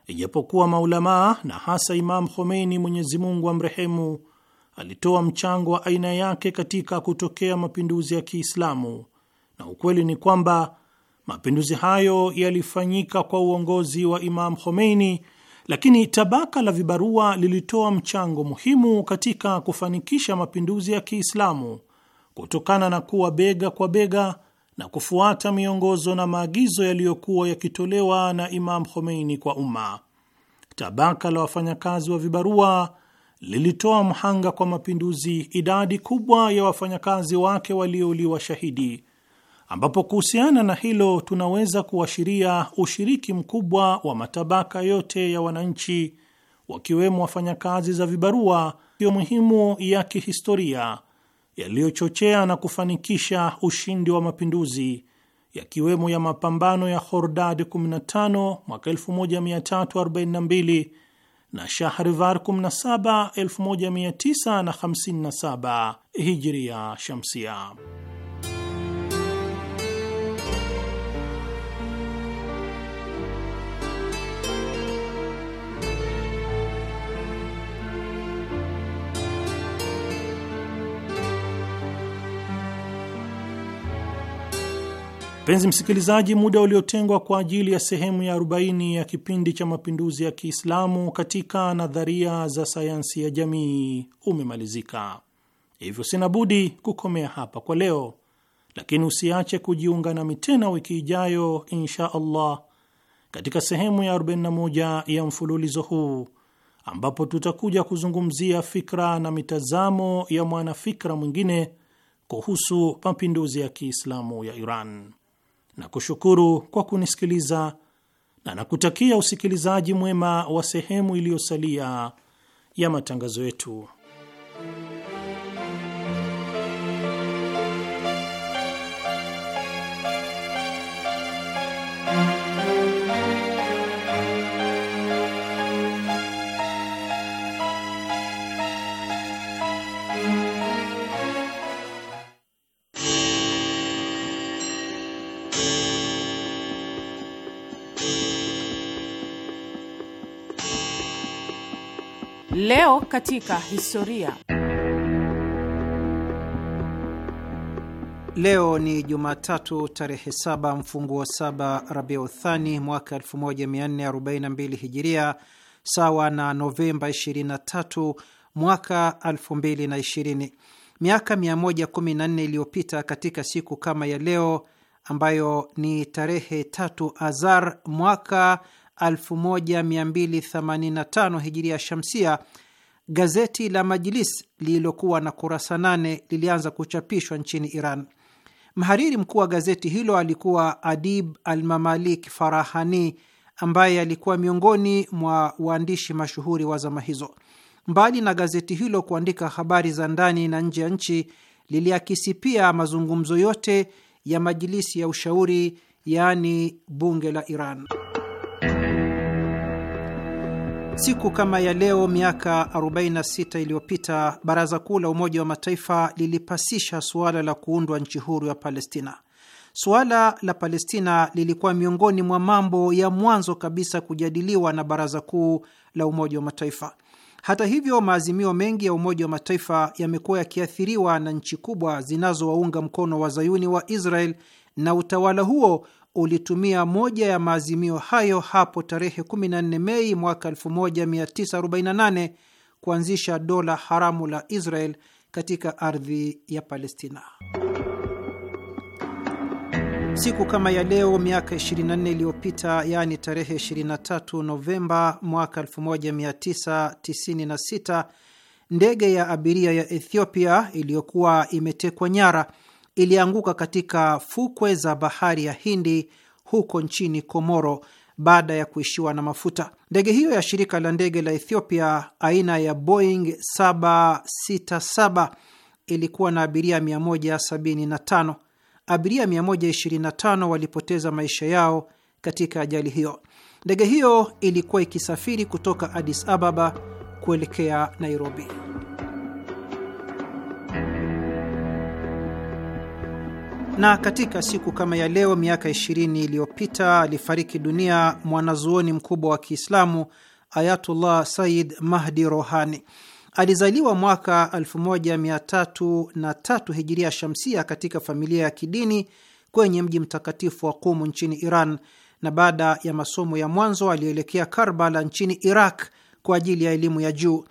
ijapokuwa maulamaa na hasa Imam Khomeini, Mwenyezi Mungu amrehemu, alitoa mchango wa aina yake katika kutokea mapinduzi ya Kiislamu, na ukweli ni kwamba Mapinduzi hayo yalifanyika kwa uongozi wa Imam Khomeini, lakini tabaka la vibarua lilitoa mchango muhimu katika kufanikisha mapinduzi ya Kiislamu kutokana na kuwa bega kwa bega na kufuata miongozo na maagizo yaliyokuwa yakitolewa na Imam Khomeini kwa umma. Tabaka la wafanyakazi wa vibarua lilitoa mhanga kwa mapinduzi idadi kubwa ya wafanyakazi wake waliouliwa shahidi ambapo kuhusiana na hilo tunaweza kuashiria ushiriki mkubwa wa matabaka yote ya wananchi wakiwemo wafanyakazi za vibarua iyo muhimu ya kihistoria yaliyochochea na kufanikisha ushindi wa mapinduzi yakiwemo ya mapambano ya Hordad 15 mwaka 1342 na Shahrivar 17 1957 Hijria Shamsia. Mpenzi msikilizaji, muda uliotengwa kwa ajili ya sehemu ya 40 ya kipindi cha mapinduzi ya Kiislamu katika nadharia za sayansi ya jamii umemalizika, hivyo sina budi kukomea hapa kwa leo, lakini usiache kujiunga nami tena wiki ijayo insha Allah katika sehemu ya 41 ya mfululizo huu ambapo tutakuja kuzungumzia fikra na mitazamo ya mwanafikra mwingine kuhusu mapinduzi ya Kiislamu ya Iran na kushukuru kwa kunisikiliza na nakutakia usikilizaji mwema wa sehemu iliyosalia ya matangazo yetu. Leo katika historia. Leo ni Jumatatu tarehe saba mfungu wa saba Rabiu Thani mwaka 1442 Hijiria, sawa na Novemba 23 mwaka 2020. Miaka 114 iliyopita katika siku kama ya leo ambayo ni tarehe tatu Azar mwaka 1285 hijiria shamsia, gazeti la Majlis lililokuwa na kurasa nane lilianza kuchapishwa nchini Iran. Mhariri mkuu wa gazeti hilo alikuwa Adib Almamalik Farahani ambaye alikuwa miongoni mwa waandishi mashuhuri wa zama hizo. Mbali na gazeti hilo kuandika habari za ndani na nje ya nchi, liliakisi pia mazungumzo yote ya Majilisi ya Ushauri, yaani bunge la Iran. Siku kama ya leo miaka 46 iliyopita Baraza Kuu la Umoja wa Mataifa lilipasisha suala la kuundwa nchi huru ya Palestina. Suala la Palestina lilikuwa miongoni mwa mambo ya mwanzo kabisa kujadiliwa na Baraza Kuu la Umoja wa Mataifa. Hata hivyo, maazimio mengi ya Umoja wa Mataifa yamekuwa yakiathiriwa na nchi kubwa zinazowaunga mkono wazayuni wa Israel na utawala huo ulitumia moja ya maazimio hayo hapo tarehe 14 Mei mwaka 1948 kuanzisha dola haramu la Israel katika ardhi ya Palestina. Siku kama ya leo miaka 24 iliyopita, yaani tarehe 23 Novemba mwaka 1996, ndege ya abiria ya Ethiopia iliyokuwa imetekwa nyara ilianguka katika fukwe za bahari ya Hindi huko nchini Komoro baada ya kuishiwa na mafuta. Ndege hiyo ya shirika la ndege la Ethiopia aina ya Boeing 767 ilikuwa na abiria 175. Abiria 125 walipoteza maisha yao katika ajali hiyo. Ndege hiyo ilikuwa ikisafiri kutoka Addis Ababa kuelekea Nairobi. Na katika siku kama ya leo miaka 20 iliyopita alifariki dunia mwanazuoni mkubwa wa Kiislamu Ayatullah Sayyid Mahdi Rohani. Alizaliwa mwaka 1303 hijiria shamsia katika familia ya kidini kwenye mji mtakatifu wa Kumu nchini Iran, na baada ya masomo ya mwanzo alielekea Karbala nchini Iraq kwa ajili ya elimu ya juu.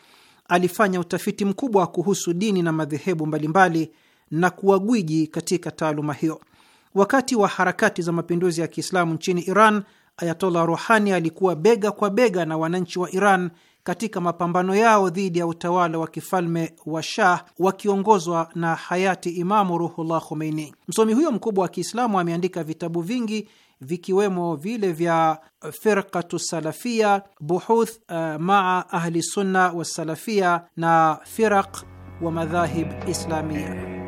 Alifanya utafiti mkubwa kuhusu dini na madhehebu mbalimbali na kuwa gwiji katika taaluma hiyo. Wakati wa harakati za mapinduzi ya Kiislamu nchini Iran, Ayatollah Rohani alikuwa bega kwa bega na wananchi wa Iran katika mapambano yao dhidi ya utawala wa kifalme wa Shah wakiongozwa na hayati Imamu Ruhullah Khomeini. Msomi huyo mkubwa wa Kiislamu ameandika vitabu vingi vikiwemo vile vya Firqatu Salafia, Buhuth uh, maa Ahli Sunna Wasalafia na Firaq wa Madhahib Islamia.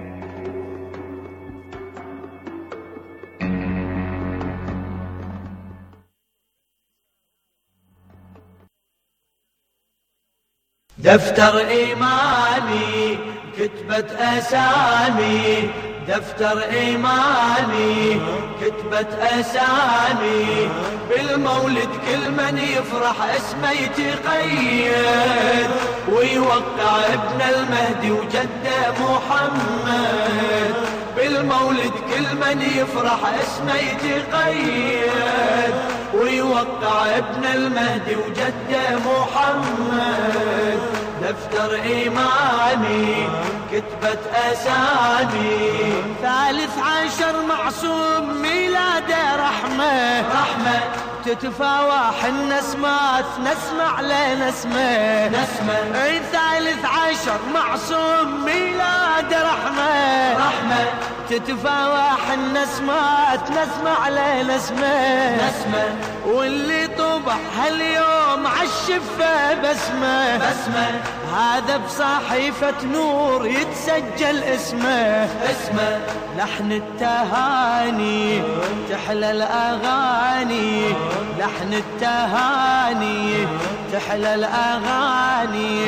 دفتر إيماني كتبت أسامي دفتر إيماني كتبت أسامي بالمولد كل من يفرح اسمه يتقيد ويوقع ابن المهدي وجده محمد المولد كل من يفرح اسمه يتقيد ويوقع ابن المهدي وجده محمد دفتر إيماني كتبت أسامي ثالث عشر معصوم ميلاده رحمة رحمة تتفاوى حنا سمات نسمع لنا اسمه نسمة ثالث عشر معصوم ميلاد رحمة تتفاوح النسمات نسمع ليه نسمة نسمة واللي طبع هاليوم عالشفة بسمة بسمة هذا بصحيفة نور يتسجل اسمه اسمه لحن التهاني تحلى الأغاني لحن التهاني تحلى الأغاني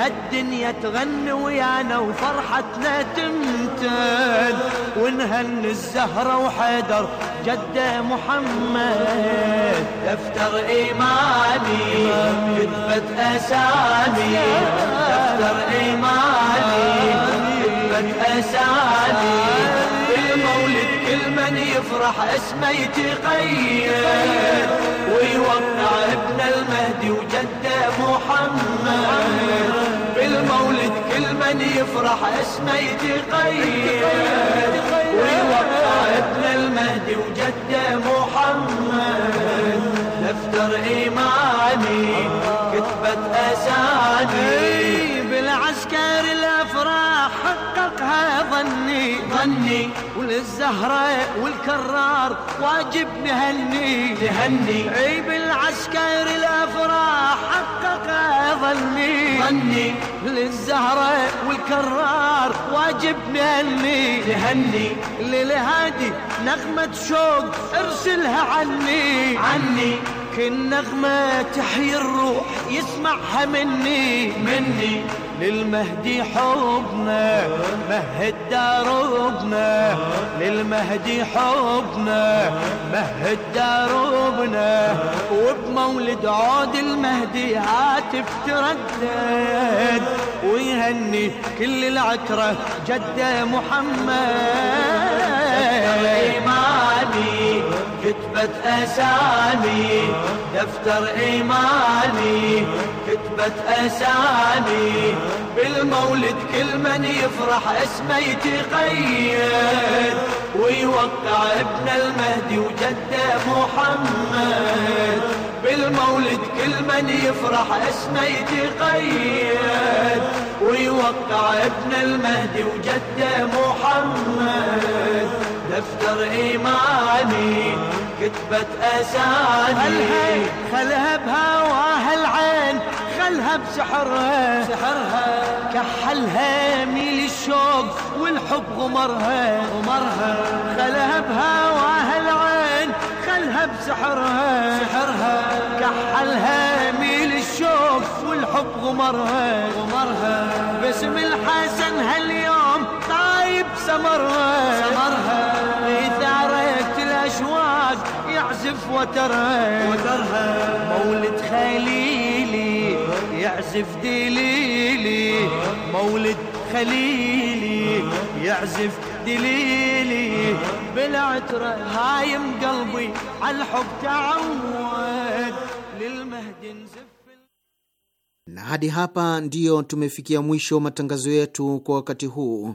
هالدنيا تغني ويانا وفرحتنا تمتد ونهني الزهرة وحيدر جدة محمد دفتر إيماني كتبت أسامي دفتر إيماني كتبت أسامي المولد كل من يفرح اسمه يتقيد ويوقع ابن المهدي وجده محمد من يفرح اسمه يتغير ويوقع ابن المهدي وجده محمد دفتر إيماني كتبت أساني لعسكر الافراح حققها ظني ظني وللزهرة والكرار واجب نهني نهني عيب العسكر الافراح حققها ظني ظني للزهرة والكرار واجب نهني نهني للهادي نغمة شوق ارسلها عني عني كل نغمة تحيي الروح يسمعها مني مني للمهدي حبنا مهد داربنا للمهدي حبنا مهد داربنا وبمولد عود المهدي هاتف تردد ويهني كل العترة جده محمد كتبت أسامي دفتر إيماني كتبت أسامي بالمولد كل من يفرح اسمه يتقيد ويوقع ابن المهدي وجده محمد بالمولد كل من يفرح اسمه يتقيد ويوقع ابن المهدي وجده محمد دفتر إيماني كتبت أساني خلها خلها بهواها العين خلها بسحرها سحرها كحلها ميل الشوق والحب غمرها غمرها خلها بهواها العين خلها بسحرها سحرها كحلها ميل الشوق والحب غمرها غمرها باسم الحسن هاليوم طايب سمرها, سمرها يعزف وترهب وترهب مولد خليلي يعزف دليلي مولد خليلي يعزف دليلي بالعترة هايم قلبي على الحب تعود للمهد نزف na hadi hapa ndiyo tumefikia mwisho matangazo yetu kwa wakati huu.